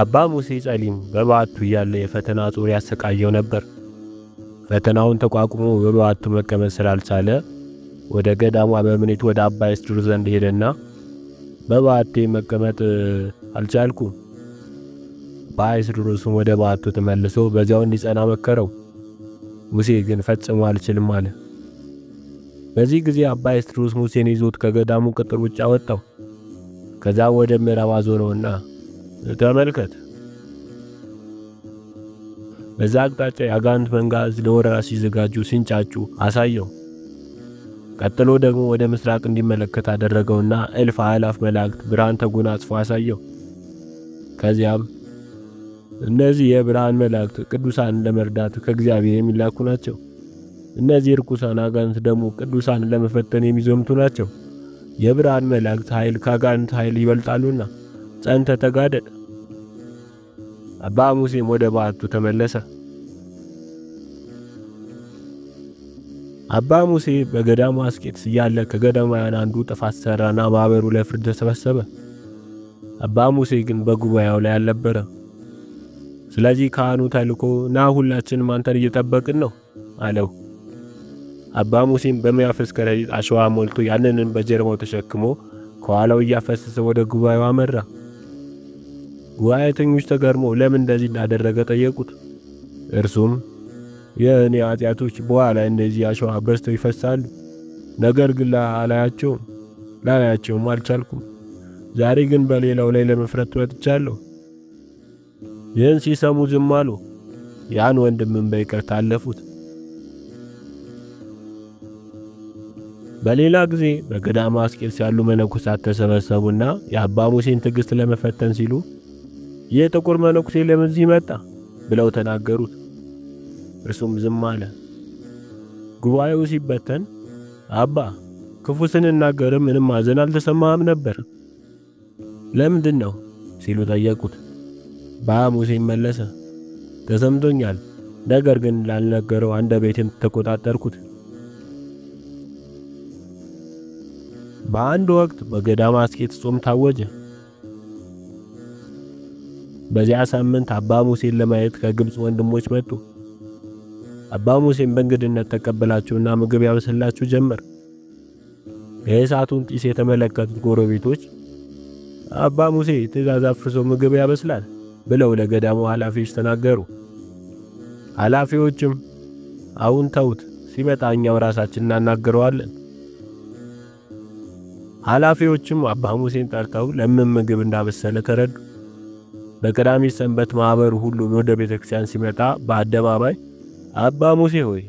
አባ ሙሴ ጸሊም በበዓቱ እያለ የፈተና ጾር ያሰቃየው ነበር። ፈተናውን ተቋቁሞ በበዓቱ መቀመጥ ስላልቻለ ወደ ገዳሙ አበምኔት ወደ አባ ይስድሩ ዘንድ ሄደና በበዓቴ መቀመጥ አልቻልኩም፣ አባ ይስድሮስም ወደ በዓቱ ተመልሶ በዚያው እንዲጸና መከረው። ሙሴ ግን ፈጽሞ አልችልም አለ። በዚህ ጊዜ አባ ይስድሮስ ሙሴን ይዞት ከገዳሙ ቅጥር ውጭ አወጣው። ከዛ ወደ ምዕራብ አዞረውና ተመልከት፣ በዛ አቅጣጫ የአጋንንት መንጋ ለወረራ ሲዘጋጁ ሲንጫጩ አሳየው። ቀጥሎ ደግሞ ወደ ምስራቅ እንዲመለከት አደረገውና እልፍ አእላፍ መላእክት ብርሃን ተጎናጽፎ አሳየው። ከዚያም እነዚህ የብርሃን መላእክት ቅዱሳንን ለመርዳት ከእግዚአብሔር የሚላኩ ናቸው። እነዚህ ርኩሳን አጋንንት ደግሞ ቅዱሳንን ለመፈተን የሚዘምቱ ናቸው። የብርሃን መላእክት ኃይል ካጋንንት ኃይል ይበልጣሉና ጸንተ ተጋደል። አባ ሙሴም ወደ በዓቱ ተመለሰ። አባ ሙሴ በገዳሙ አስቄጥስ እያለ ከገዳማውያን አንዱ ጥፋት ሰራና ማህበሩ ለፍርድ ተሰበሰበ። አባ ሙሴ ግን በጉባኤው ላይ አልነበረ። ስለዚህ ካህኑ ተልኮ ና ሁላችንም አንተን እየጠበቅን ነው አለው። አባ ሙሴም በሚያፈስ ከረጢት አሸዋ ሞልቶ ያንንም በጀርባው ተሸክሞ ከኋላው እያፈሰሰ ወደ ጉባኤው አመራ። ጉባኤተኞች ተገርመው ለምን እንደዚህ እንዳደረገ ጠየቁት። እርሱም የእኔ ኃጢአቶች በኋላ እንደዚህ አሸዋ በዝተው ይፈሳሉ፣ ነገር ግን ላላያቸውም ላላያቸውም አልቻልኩም። ዛሬ ግን በሌላው ላይ ለመፍረት ወጥቻለሁ። ይህን ሲሰሙ ዝም አሉ። ያን ወንድምን በይቅርታ አለፉት። በሌላ ጊዜ በገዳማ አስቄጥስ ያሉ መነኮሳት ተሰበሰቡና የአባ ሙሴን ትዕግሥት ለመፈተን ሲሉ ይህ ጥቁር መነኩሴ ለምን እዚህ መጣ ብለው ተናገሩት። እርሱም ዝም አለ። ጉባኤው ሲበተን አባ ክፉ ስንናገር ምንም ማዘን አልተሰማም ነበር፣ ለምንድን ነው ሲሉ ጠየቁት። ባ ሙሴ መለሰ፣ ተሰምቶኛል፣ ነገር ግን ላልነገረው አንደበቴን ተቆጣጠርኩት። በአንድ ወቅት በገዳማ አስኬት ጾም ታወጀ። በዚያ ሳምንት አባ ሙሴን ለማየት ከግብፅ ወንድሞች መጡ። አባ ሙሴን በእንግድነት ተቀበላቸውና ምግብ ያበስላችሁ ጀመር። የእሳቱን ጢስ የተመለከቱት ጎረቤቶች አባ ሙሴ ትእዛዝ አፍርሶ ምግብ ያበስላል ብለው ለገዳሙ ኃላፊዎች ተናገሩ። ኃላፊዎችም አሁን ተውት፣ ሲመጣ እኛው ራሳችን እናናግረዋለን ኃላፊዎችም አባ ሙሴን ጠርተው ለምን ምግብ እንዳበሰለ ተረዱ። በቀዳሚ ሰንበት ማኅበሩ ሁሉ ወደ ቤተክርስቲያን ሲመጣ በአደባባይ አባ ሙሴ ሆይ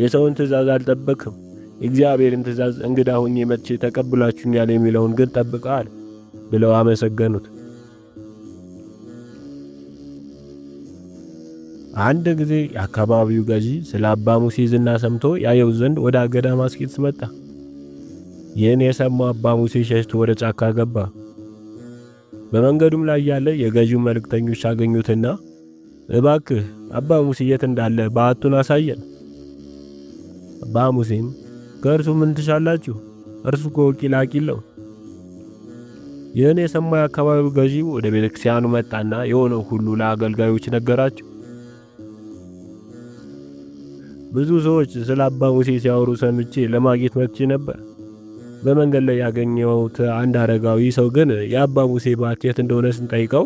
የሰውን ትእዛዝ አልጠበቅም፣ እግዚአብሔርን ትእዛዝ እንግዳ ሆኜ መጥቼ ተቀብላችሁኛል የሚለውን ግን ጠብቀሃል ብለው አመሰገኑት። አንድ ጊዜ የአካባቢው ገዢ ስለ አባ ሙሴ ዝና ሰምቶ ያየው ዘንድ ወደ አገዳ አስቄጥስ መጣ። ይህን የሰማው አባ ሙሴ ሸሽቶ ወደ ጫካ ገባ። በመንገዱም ላይ ያለ የገዢው መልእክተኞች አገኙትና እባክህ አባ ሙሴ የት እንዳለ በዓቱን አሳየን። አባ ሙሴም ከእርሱ ምን ትሻላችሁ? እርሱ እኮ ቂላቂል ነው። ይህን የሰማ የአካባቢው ገዢ ወደ ቤተ ክርስቲያኑ መጣና የሆነው ሁሉ ለአገልጋዮች ነገራቸው። ብዙ ሰዎች ስለ አባ ሙሴ ሲያወሩ ሰምቼ ለማግኘት መጥቼ ነበር በመንገድ ላይ ያገኘውት አንድ አረጋዊ ሰው ግን የአባ ሙሴ ባት የት እንደሆነ ስንጠይቀው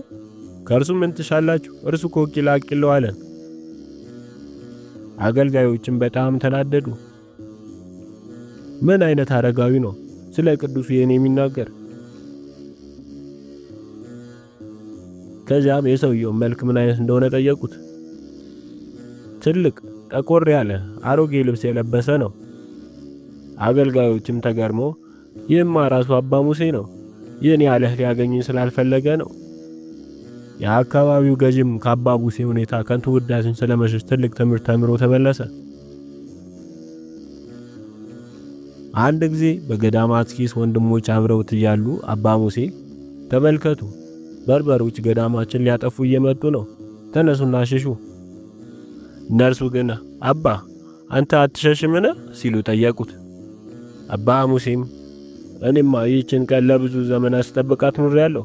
ከእርሱ ምን ትሻላችሁ? እርሱ እኮ ቂላ አቂለው አለን። አገልጋዮችን በጣም ተናደዱ። ምን አይነት አረጋዊ ነው ስለ ቅዱሱ ይህን የሚናገር? ከዚያም የሰውየውን መልክ ምን አይነት እንደሆነ ጠየቁት። ትልቅ ጠቆር ያለ አሮጌ ልብስ የለበሰ ነው። አገልጋዮችም ተገርመው ይህማ ራሱ አባ ሙሴ ነው። ይህን ያለህ ሊያገኙኝ ስላልፈለገ ነው። የአካባቢው ገዥም ከአባ ሙሴ ሁኔታ ከንቱ ውዳሴን ስለመሸሽ ትልቅ ትምህርት ተምሮ ተመለሰ። አንድ ጊዜ በገዳማት ኪስ ወንድሞች አብረውት እያሉ አባ ሙሴ ተመልከቱ፣ በርበሮች ገዳማችን ሊያጠፉ እየመጡ ነው፣ ተነሱና ሽሹ። እነርሱ ግን አባ አንተ አትሸሽምን ሲሉ ጠየቁት። አባ ሙሴም እኔማ ይህችን ቀን ለብዙ ዘመን አስጠብቃት ኑር ያለሁ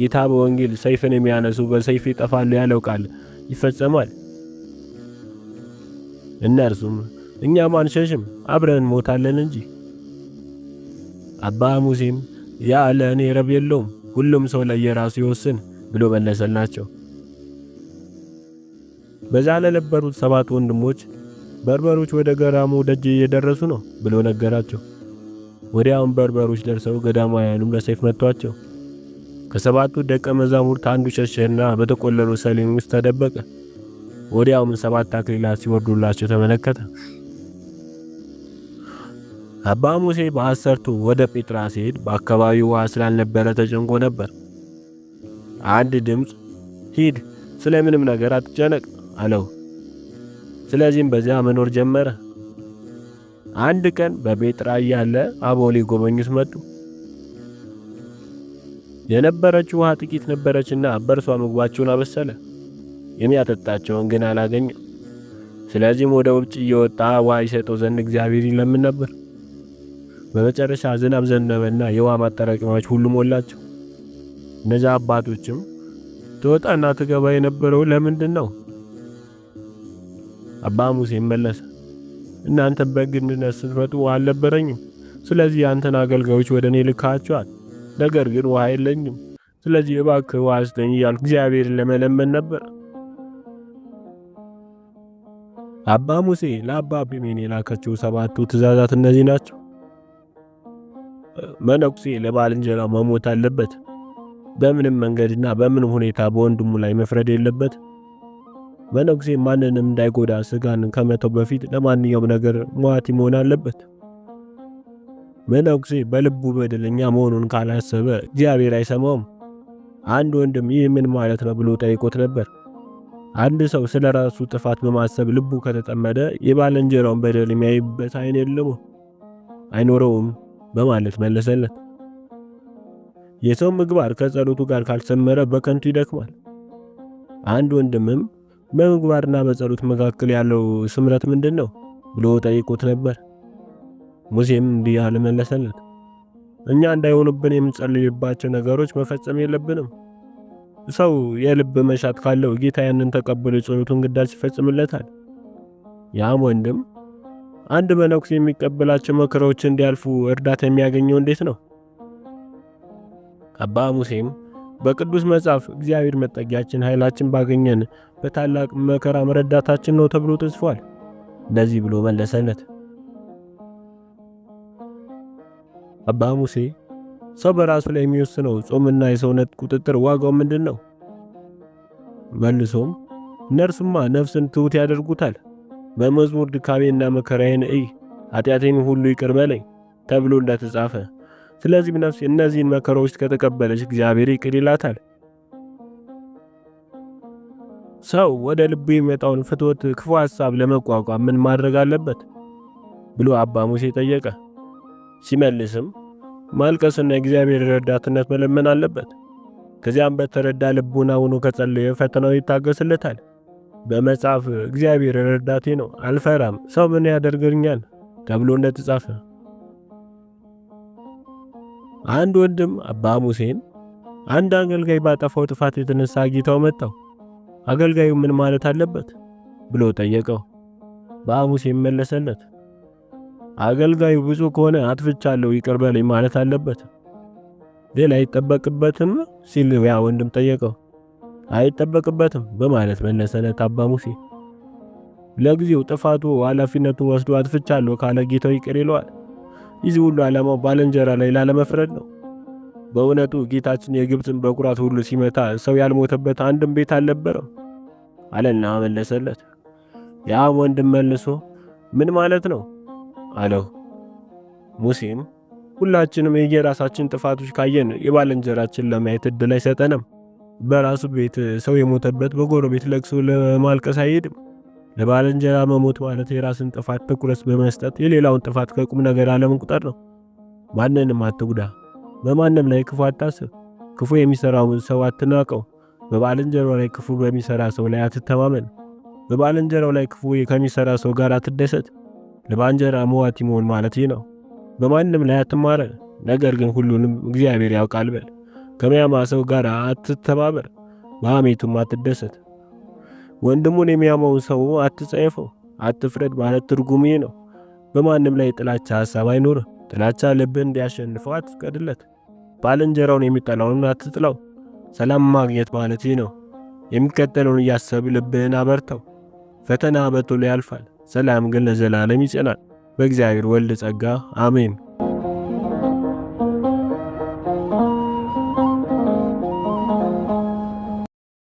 ጌታ በወንጌል ሰይፍን የሚያነሱ በሰይፍ ይጠፋሉ ያለው ቃል ይፈጸማል። እነርሱም እኛም አንሸሽም አብረን እንሞታለን እንጂ። አባ ሙሴም ያ ለእኔ ረብ የለውም ሁሉም ሰው ለየራሱ ይወስን ብሎ መለሰላቸው። በዛ ለነበሩት ሰባት ወንድሞች በርበሮች ወደ ገራሙ ደጅ እየደረሱ ነው ብሎ ነገራቸው። ወዲያውን በርበሮች ደርሰው ገዳማውያኑም ለሰይፍ መቷቸው። ከሰባቱ ደቀ መዛሙርት አንዱ ሸሸና በተቆለሉ ሰሌን ውስጥ ተደበቀ። ወዲያውም ሰባት አክሊላት ሲወርዱላቸው ተመለከተ። አባ ሙሴ በአሰርቱ ወደ ጴጥራ ሲሄድ በአካባቢው ውሃ ስላልነበረ ተጨንቆ ነበር። አንድ ድምፅ ሂድ፣ ስለምንም ነገር አትጨነቅ አለው። ስለዚህም በዚያ መኖር ጀመረ። አንድ ቀን በቤት ራዕይ ያለ አቦ ሊጎበኙት መጡ። የነበረችው ውሃ ጥቂት ነበረችና በእርሷ ምግባቸውን አበሰለ። የሚያጠጣቸውን ግን አላገኘም። ስለዚህም ወደ ውጭ እየወጣ ውሃ ይሰጠው ዘንድ እግዚአብሔር ይለምን ነበር። በመጨረሻ ዝናብ ዘነበና የውሃ ማጠራቀሚያዎች ሁሉ ሞላቸው። እነዚያ አባቶችም ትወጣና ትገባ የነበረው ለምንድን ነው? አባ ሙሴ መለሰ፣ እናንተ በግንነት ስትመጡ ውሃ አልነበረኝም። ስለዚህ ያንተን አገልጋዮች ወደ እኔ ልካቸዋል። ነገር ግን ውሃ የለኝም። ስለዚህ እባክህ ውሃ ስጠኝ እያልኩ እግዚአብሔርን ለመለመን ነበር። አባ ሙሴ ለአባ ቢሜን የላከችው ሰባቱ ትእዛዛት እነዚህ ናቸው። መነኩሴ ለባልንጀራው መሞት አለበት። በምንም መንገድና በምንም ሁኔታ በወንድሙ ላይ መፍረድ የለበት። መነኩሴ ማንንም እንዳይጎዳ ስጋን ከመተው በፊት ለማንኛውም ነገር ሟት መሆን አለበት። መነኩሴ በልቡ በደለኛ መሆኑን ካላሰበ እግዚአብሔር አይሰማውም። አንድ ወንድም ይህ ምን ማለት ነው ብሎ ጠይቆት ነበር። አንድ ሰው ስለ ራሱ ጥፋት በማሰብ ልቡ ከተጠመደ የባልንጀራውን በደል የሚያይበት አይን የለም አይኖረውም በማለት መለሰለት። የሰው ምግባር ከጸሎቱ ጋር ካልሰመረ በከንቱ ይደክማል። አንድ ወንድምም በምግባርና በጸሎት መካከል ያለው ስምረት ምንድን ነው ብሎ ጠይቆት ነበር። ሙሴም እንዲህ አልመለሰለት። እኛ እንዳይሆኑብን የምንጸልይባቸው ነገሮች መፈጸም የለብንም። ሰው የልብ መሻት ካለው ጌታ ያንን ተቀብሎ የጸሎቱን ግዳጅ ይፈጽምለታል። ያም ወንድም አንድ መነኩሴ የሚቀበላቸው መከራዎች እንዲያልፉ እርዳታ የሚያገኘው እንዴት ነው? አባ ሙሴም በቅዱስ መጽሐፍ እግዚአብሔር መጠጊያችን ኃይላችን ባገኘን በታላቅ መከራ መረዳታችን ነው ተብሎ ተጽፏል። እንደዚህ ብሎ መለሰለት። አባ ሙሴ ሰው በራሱ ላይ የሚወስነው ጾምና የሰውነት ቁጥጥር ዋጋው ምንድን ነው? መልሶም እነርሱማ ነፍስን ትሑት ያደርጉታል፣ በመዝሙር ድካቤና መከራዬን እይ፣ ኃጢአቴን ሁሉ ይቅር በለኝ ተብሎ እንደተጻፈ ስለዚህም ነፍስ እነዚህን መከራዎች ከተቀበለች እግዚአብሔር ይቅር ይላታል። ሰው ወደ ልቡ የሚመጣውን ፍትወት፣ ክፉ ሀሳብ ለመቋቋም ምን ማድረግ አለበት ብሎ አባ ሙሴ ጠየቀ። ሲመልስም ማልቀስና የእግዚአብሔር ረዳትነት መለመን አለበት። ከዚያም በተረዳ ልቡና ሆኖ ከጸለየ ፈተናው ይታገስለታል። በመጽሐፍ እግዚአብሔር ረዳቴ ነው፣ አልፈራም፣ ሰው ምን ያደርገኛል ተብሎ እንደተጻፈ አንድ ወንድም አባ ሙሴን አንድ አገልጋይ ባጠፋው ጥፋት የተነሳ ጌታው መጣው፣ አገልጋዩ ምን ማለት አለበት ብሎ ጠየቀው። አባ ሙሴም መለሰለት፣ አገልጋዩ ብዙ ከሆነ አጥፍቻለሁ ይቅር በለኝ ማለት አለበት፣ ሌላ አይጠበቅበትም ሲል ያ ወንድም ጠየቀው። አይጠበቅበትም በማለት መለሰለት አባ ሙሴ። ለጊዜው ጥፋቱ ኃላፊነቱን ወስዶ አጥፍቻለሁ ካለ ጌታው ይቅር ይለዋል። ይህ ሁሉ ዓላማው ባልንጀራ ላይ ላለመፍረድ ነው። በእውነቱ ጌታችን የግብፅን በኩራት ሁሉ ሲመታ ሰው ያልሞተበት አንድም ቤት አልነበረም አለና መለሰለት። ያም ወንድም መልሶ ምን ማለት ነው አለው። ሙሴም ሁላችንም የየራሳችን ጥፋቶች ካየን የባልንጀራችን ለማየት እድል አይሰጠንም። በራሱ ቤት ሰው የሞተበት በጎረቤት ለቅሶ ለማልቀስ አይሄድም። ለባልንጀራ መሞት ማለት የራስን ጥፋት ትኩረት በመስጠት የሌላውን ጥፋት ከቁም ነገር አለመቁጠር ነው። ማንንም አትጉዳ፣ በማንም ላይ ክፉ አታስብ፣ ክፉ የሚሰራውን ሰው አትናቀው፣ በባልንጀራው ላይ ክፉ በሚሰራ ሰው ላይ አትተማመን፣ በባልንጀራው ላይ ክፉ ከሚሰራ ሰው ጋር አትደሰት። ለባልንጀራ መዋቲ መሆን ማለት ይህ ነው። በማንም ላይ አትማረን ነገር ግን ሁሉንም እግዚአብሔር ያውቃል በል። ከሚያማ ሰው ጋር አትተባበር፣ በሐሜቱም አትደሰት። ወንድሙን የሚያመውን ሰው አትጸየፈው፣ አትፍረድ ማለት ትርጉሜ ነው። በማንም ላይ ጥላቻ ሀሳብ አይኖር። ጥላቻ ልብን እንዲያሸንፈው አትፍቀድለት። ባልንጀራውን የሚጠላውን አትጥላው። ሰላም ማግኘት ማለት ይህ ነው። የሚከተለውን እያሰብ ልብህን አበርተው። ፈተና በቶሎ ያልፋል፣ ሰላም ግን ለዘላለም ይጸናል። በእግዚአብሔር ወልድ ጸጋ አሜን።